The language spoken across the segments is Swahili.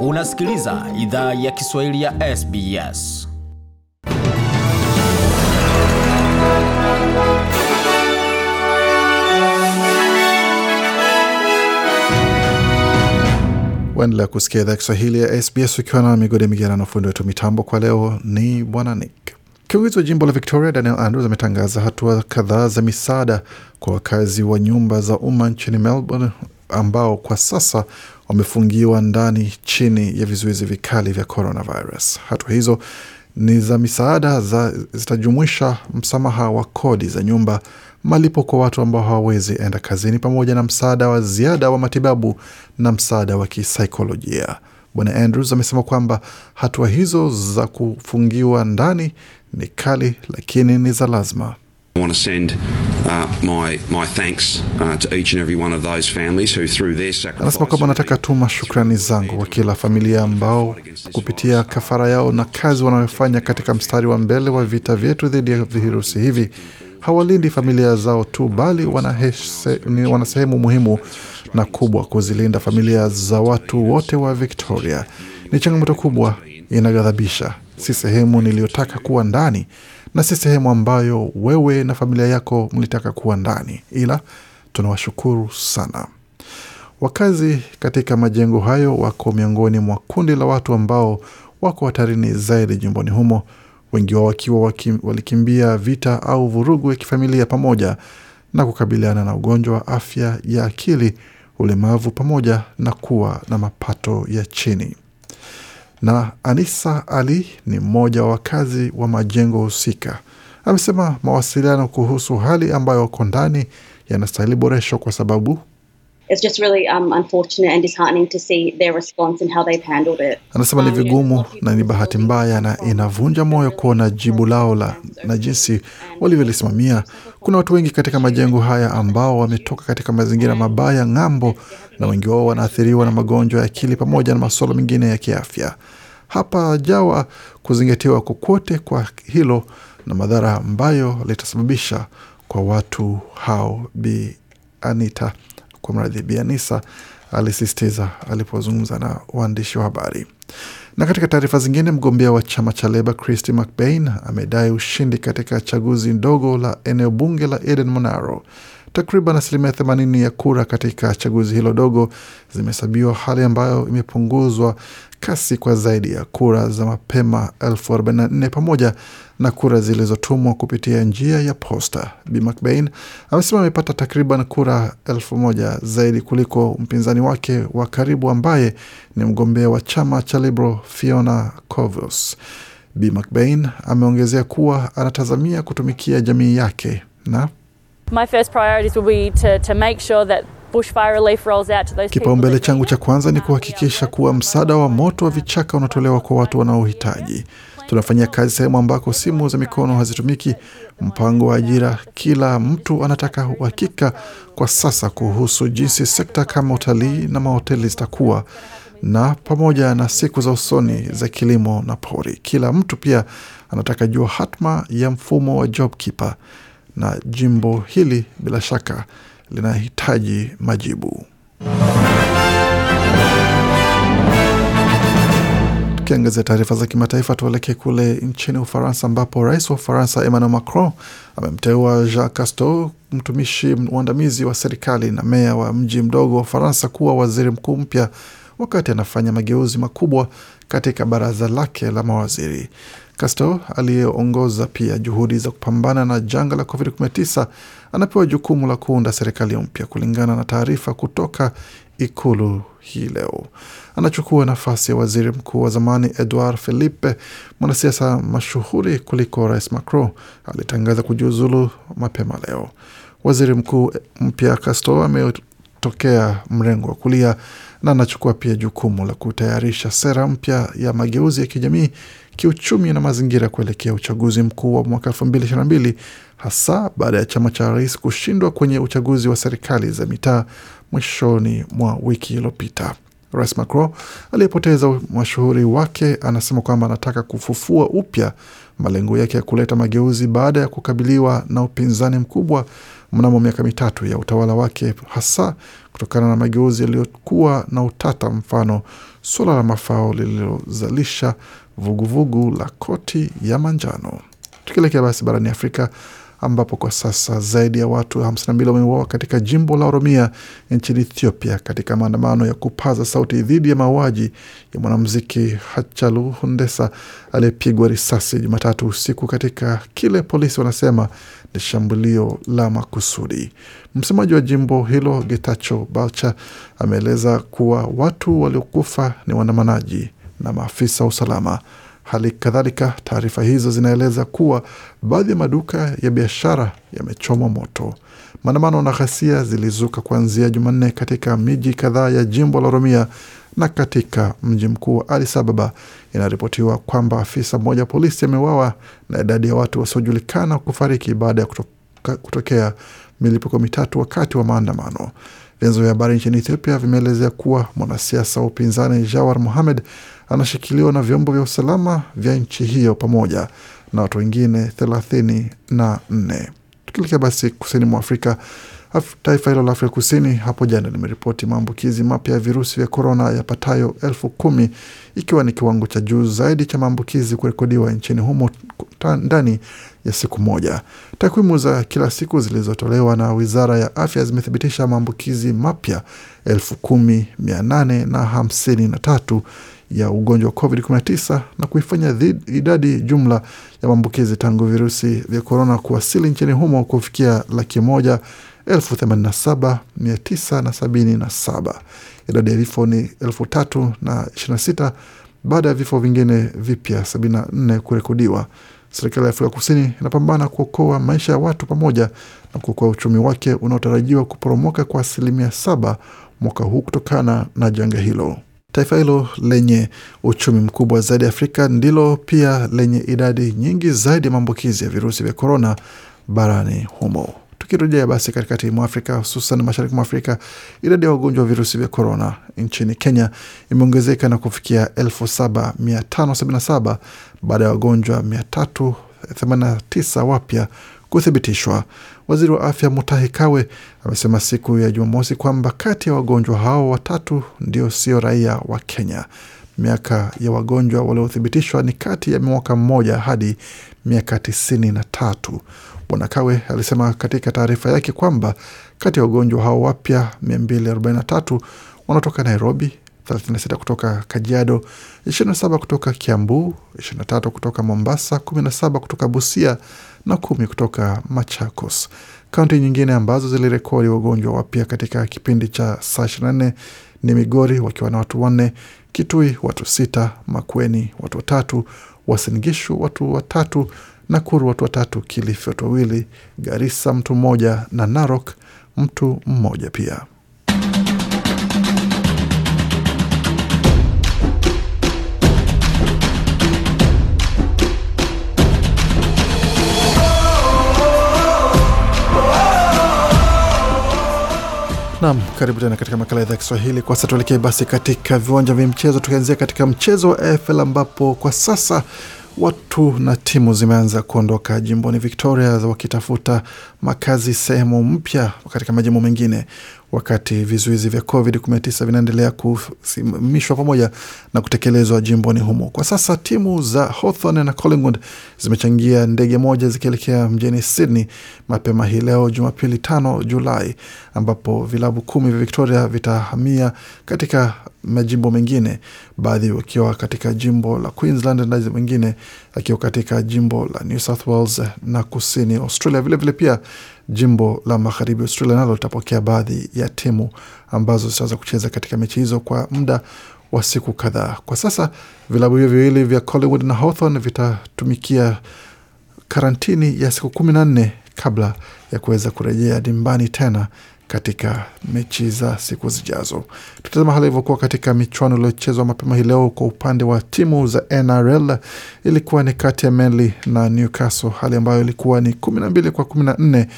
Unasikiliza idhaa ya Kiswahili ya SBS. Waendelea kusikia idhaa ya Kiswahili ya SBS ukiwa na migode migerano. Fundi wetu mitambo kwa leo ni Bwana Nick. Kiongozi wa jimbo la Victoria Daniel Andrews ametangaza hatua kadhaa za misaada kwa wakazi wa nyumba za umma nchini Melbourne ambao kwa sasa wamefungiwa ndani chini ya vizuizi vikali vya coronavirus. Hatua hizo ni za misaada za zitajumuisha msamaha wa kodi za nyumba, malipo kwa watu ambao hawawezi enda kazini, pamoja na msaada wa ziada wa matibabu na msaada wa kisaikolojia. Bwana Andrews amesema kwamba hatua hizo za kufungiwa ndani ni kali, lakini ni za lazima. I want uh, uh, to send Anasema kwamba nataka tuma shukrani zangu kwa kila familia ambao kupitia kafara yao na kazi wanayofanya katika mstari wa mbele wa vita vyetu dhidi ya virusi hivi hawalindi familia zao tu, bali wana sehemu muhimu na kubwa kuzilinda familia za watu wote wa Victoria. Ni changamoto kubwa, inaghadhabisha. Si sehemu niliyotaka kuwa ndani na si sehemu ambayo wewe na familia yako mlitaka kuwa ndani, ila tunawashukuru sana. Wakazi katika majengo hayo wako miongoni mwa kundi la watu ambao wako hatarini zaidi jumbani humo, wengi wao wakiwa wakim, walikimbia vita au vurugu ya kifamilia pamoja na kukabiliana na ugonjwa wa afya ya akili, ulemavu, pamoja na kuwa na mapato ya chini na Anisa Ali ni mmoja wa wakazi wa majengo husika. Amesema mawasiliano kuhusu hali ambayo wako ndani yanastahili boreshwa kwa sababu it's just really um, unfortunate and disheartening to see their response and how they've handled it. Anasema ni um, vigumu na ni bahati mbaya na inavunja moyo kuona jibu lao la na jinsi walivyolisimamia. Kuna watu wengi katika majengo haya ambao wametoka katika mazingira mabaya ng'ambo, na wengi wao wanaathiriwa na magonjwa ya akili pamoja na masuala mengine ya kiafya. Hapa jawa kuzingatiwa kokote kwa hilo na madhara ambayo litasababisha kwa watu hao. Bi Anita kwa mradhi Bianisa alisisitiza alipozungumza na waandishi wa habari. Na katika taarifa zingine, mgombea wa chama cha Leba Christy McBain amedai ushindi katika chaguzi ndogo la eneo bunge la Eden Monaro Takriban asilimia 80 ya kura katika chaguzi hilo dogo zimehesabiwa, hali ambayo imepunguzwa kasi kwa zaidi ya kura za mapema elfu 44 pamoja na kura zilizotumwa kupitia njia ya posta. Bi McBain amesema amepata takriban kura elfu moja zaidi kuliko mpinzani wake wa karibu ambaye ni mgombea wa chama cha Liberal Fiona Covos. Bi McBain ameongezea kuwa anatazamia kutumikia jamii yake na Kipaumbele changu cha kwanza ni kuhakikisha kuwa msaada wa moto wa vichaka unatolewa kwa watu wanaohitaji. Tunafanyia kazi sehemu ambako simu za mikono hazitumiki. Mpango wa ajira, kila mtu anataka uhakika kwa sasa kuhusu jinsi sekta kama utalii na mahoteli zitakuwa na pamoja na siku za usoni za kilimo na pori. Kila mtu pia anataka jua hatma ya mfumo wa keeper na jimbo hili bila shaka linahitaji majibu. Tukiangazia taarifa za kimataifa, tuelekee kule nchini Ufaransa ambapo rais wa Ufaransa Emmanuel Macron amemteua Jacques Cousteau, mtumishi mwandamizi wa serikali na meya wa mji mdogo wa Ufaransa, kuwa waziri mkuu mpya wakati anafanya mageuzi makubwa katika baraza lake la mawaziri. Casto aliyeongoza pia juhudi za kupambana na janga la COVID-19 anapewa jukumu la kuunda serikali mpya, kulingana na taarifa kutoka ikulu hii leo. Anachukua nafasi ya waziri mkuu wa zamani Edouard Philippe, mwanasiasa mashuhuri kuliko rais Macron, alitangaza kujiuzulu mapema leo. Waziri mkuu mpya Casto ametokea mrengo wa kulia na anachukua pia jukumu la kutayarisha sera mpya ya mageuzi ya kijamii kiuchumi na mazingira kuelekea uchaguzi mkuu wa mwaka 2022 hasa baada ya chama cha rais kushindwa kwenye uchaguzi wa serikali za mitaa mwishoni mwa wiki iliyopita. Rais Macron aliyepoteza mashuhuri wake anasema kwamba anataka kufufua upya malengo yake ya kuleta mageuzi baada ya kukabiliwa na upinzani mkubwa mnamo miaka mitatu ya utawala wake, hasa kutokana na mageuzi yaliyokuwa na utata, mfano suala la mafao lililozalisha vuguvugu la koti ya manjano. Tukielekea basi barani Afrika ambapo kwa sasa zaidi ya watu 52 wameuawa katika jimbo la Oromia nchini Ethiopia katika maandamano ya kupaza sauti dhidi ya mauaji ya mwanamuziki Hachalu Hundesa aliyepigwa risasi Jumatatu usiku katika kile polisi wanasema ni shambulio la makusudi. Msemaji wa jimbo hilo Getacho Balcha ameeleza kuwa watu waliokufa ni waandamanaji na maafisa wa usalama. Hali kadhalika, taarifa hizo zinaeleza kuwa baadhi ya maduka ya biashara yamechomwa moto. Maandamano na ghasia zilizuka kuanzia Jumanne katika miji kadhaa ya jimbo la Oromia na katika mji mkuu wa Adis Ababa. Inaripotiwa kwamba afisa mmoja wa polisi ameuawa na idadi ya watu wasiojulikana kufariki baada ya kutokea milipuko mitatu wakati wa maandamano. Vyanzo vya habari nchini Ethiopia vimeelezea kuwa mwanasiasa wa upinzani Jawar Mohamed anashikiliwa na vyombo vya usalama vya nchi hiyo pamoja na watu wengine thelathini na nne. Tukielekea basi kusini mwa Afrika, taifa hilo la Afrika Kusini hapo jana limeripoti maambukizi mapya ya virusi vya korona yapatayo elfu kumi ikiwa ni kiwango cha juu zaidi cha maambukizi kurekodiwa nchini humo ndani ya siku moja. Takwimu za kila siku zilizotolewa na wizara ya afya zimethibitisha maambukizi mapya elfu kumi mia nane na hamsini na tatu ya ugonjwa wa COVID-19 na kuifanya idadi jumla ya maambukizi tangu virusi vya korona kuwasili nchini humo kufikia laki moja elfu themanini na saba mia tisa na sabini na saba. Idadi ya vifo ni elfu tatu na ishirini na sita baada ya vifo vingine vipya 74 kurekodiwa serikali ya Afrika Kusini inapambana kuokoa maisha ya watu pamoja na kuokoa uchumi wake unaotarajiwa kuporomoka kwa asilimia saba mwaka huu kutokana na janga hilo. Taifa hilo lenye uchumi mkubwa zaidi Afrika ndilo pia lenye idadi nyingi zaidi ya maambukizi ya virusi vya korona barani humo. Tukirejea basi, katikati mwa Afrika hususan mashariki mwa Afrika, idadi ya wagonjwa wa virusi vya korona nchini Kenya imeongezeka na kufikia 7577 baada ya wagonjwa 389 wapya kuthibitishwa. Waziri wa afya Mutahi Kawe amesema siku ya Jumamosi kwamba kati ya wagonjwa hao watatu ndio sio raia wa Kenya. Miaka ya wagonjwa waliothibitishwa ni kati ya mwaka mmoja hadi miaka tisini na tatu. Bwana Kawe alisema katika taarifa yake kwamba kati ya wagonjwa hao wapya 243 wanaotoka Nairobi, 36 kutoka Kajiado, 27 kutoka Kiambu, 23 kutoka Mombasa, 17 kutoka Busia na kumi kutoka Machakos. Kaunti nyingine ambazo zilirekodi wagonjwa wapya katika kipindi cha saa 24 ni Migori wakiwa na watu wanne, Kitui watu sita, Makueni watu watatu, Wasingishu watu watatu Nakuru watu watatu, Kilifi watu wawili, Garisa mtu mmoja na Narok mtu mmoja pia. Nam, karibu tena katika makala ya idhaa ya Kiswahili. Kwa sasa tuelekee basi katika viwanja vya michezo, tukianzia katika mchezo wa AFL ambapo kwa sasa Watu na timu zimeanza kuondoka jimboni Victoria wakitafuta makazi sehemu mpya katika majimbo mengine wakati vizuizi vya COVID-19 vinaendelea kusimamishwa pamoja na kutekelezwa jimboni humo. Kwa sasa timu za Hawthorn na Collingwood zimechangia ndege moja zikielekea mjini Sydney mapema hii leo Jumapili 5 Julai, ambapo vilabu kumi vya Victoria vitahamia katika majimbo mengine, baadhi wakiwa katika jimbo la Queensland na mengine akiwa katika jimbo la New South Wales na kusini Australia. Vilevile vile pia jimbo la magharibi Australia nalo litapokea baadhi ya timu ambazo zitaweza kucheza katika mechi hizo kwa muda wa siku kadhaa. Kwa sasa vilabu hivyo viwili vya Collingwood na Hawthorn vitatumikia karantini ya siku kumi na nne kabla ya kuweza kurejea dimbani tena katika mechi za siku zijazo. Tutazama hali ilivyokuwa katika michuano iliyochezwa mapema hii leo. Kwa upande wa timu za NRL ilikuwa ni kati ya Manly na Newcastle, hali ambayo ilikuwa ni kumi na mbili kwa kumi na nne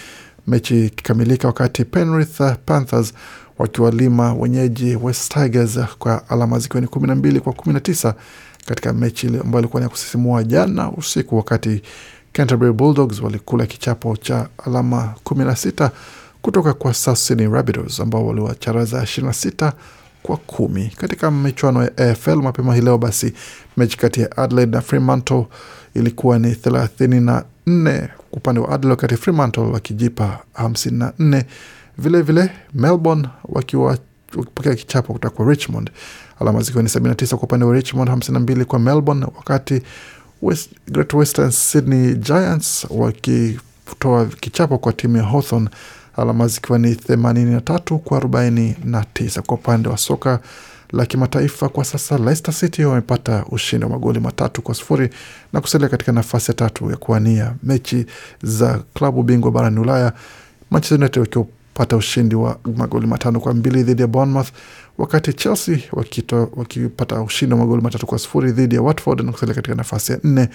mechi ikikamilika, wakati Penrith Panthers wakiwalima wenyeji West Tigers kwa alama zikiwa ni kumi na mbili kwa kumi na tisa katika mechi ambayo ilikuwa ni ya kusisimua jana usiku wakati Canterbury Bulldogs walikula kichapo cha alama 16 kutoka kwa South Sydney Rabbitohs ambao waliwacharaza 26 kwa kumi katika michuano ya AFL mapema hii leo. Basi mechi kati ya Adelaide na Fremantle ilikuwa ni 34 upande wa Adelaide, wakati Fremantle wakijipa 54. Vilevile Melbourne wakiwa wakipokea kichapo kutoka kwa Richmond, alama zikiwa ni 79 kwa upande wa Richmond, 52 kwa Melbourne, wakati West, Great Western Sydney Giants wakitoa kichapo kwa timu ya Hawthorn alama zikiwa ni 83 kwa 49. Kwa upande wa soka la kimataifa kwa sasa, Leicester City wamepata ushindi wa magoli matatu kwa sufuri na kusalia katika nafasi ya tatu ya kuwania mechi za klabu bingwa barani Ulaya, Manchester United wakiwa pata ushindi wa magoli matano kwa mbili dhidi ya Bournemouth, wakati Chelsea wakito, wakipata ushindi wa magoli matatu kwa sufuri dhidi ya Watford na kusalia katika nafasi ya nne,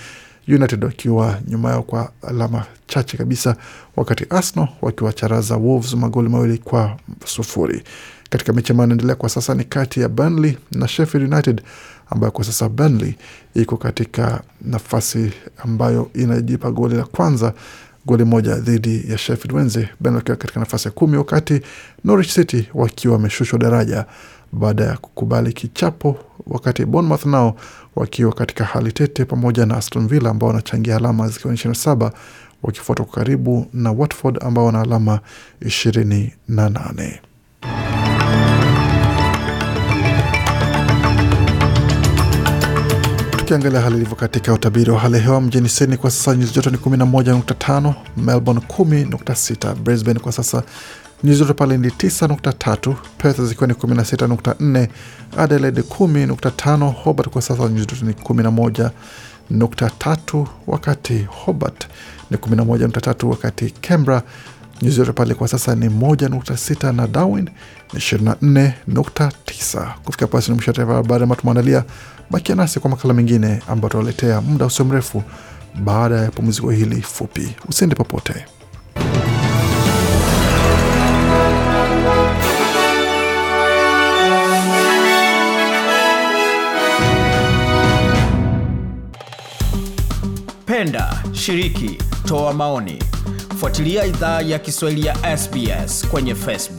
United wakiwa nyuma yao kwa alama chache kabisa, wakati Arsenal wakiwacharaza Wolves magoli mawili kwa sufuri. Katika mechi ambayo inaendelea kwa sasa ni kati ya Burnley na Sheffield United, ambayo kwa sasa Burnley iko katika nafasi ambayo inajipa goli la kwanza goli moja dhidi ya Sheffield Wednesday, Burnley wakiwa katika nafasi ya kumi, wakati Norwich City wakiwa wameshushwa daraja baada ya kukubali kichapo, wakati Bournemouth nao wakiwa katika hali tete, pamoja na Aston Villa ambao wanachangia alama zikiwa ishirini na saba wakifuatwa kwa karibu na Watford ambao wana alama ishirini na nane. Tukiangalia hali ilivyo katika utabiri wa hali ya hewa mjini Sydney kwa sasa nyuzi joto ni 11.5, Melbourne 10.6, Brisbane kwa sasa nyuzi joto pale ni 9.3, Perth zikiwa ni 16.4, Adelaide 10.5, Hobart kwa sasa nyuzi joto ni 11.3, wakati Hobart ni 11.3, wakati Canberra nyuzi joto pale kwa sasa ni 1.6 na Darwin ni 24.9. Kufika pasi ni mwisho wa taarifa habari Bakia nasi kwa makala mengine ambayo tunaletea muda usio mrefu baada ya pumziko hili fupi. Usiende popote. Penda, shiriki, toa maoni. Fuatilia idhaa ya Kiswahili ya SBS kwenye Facebook.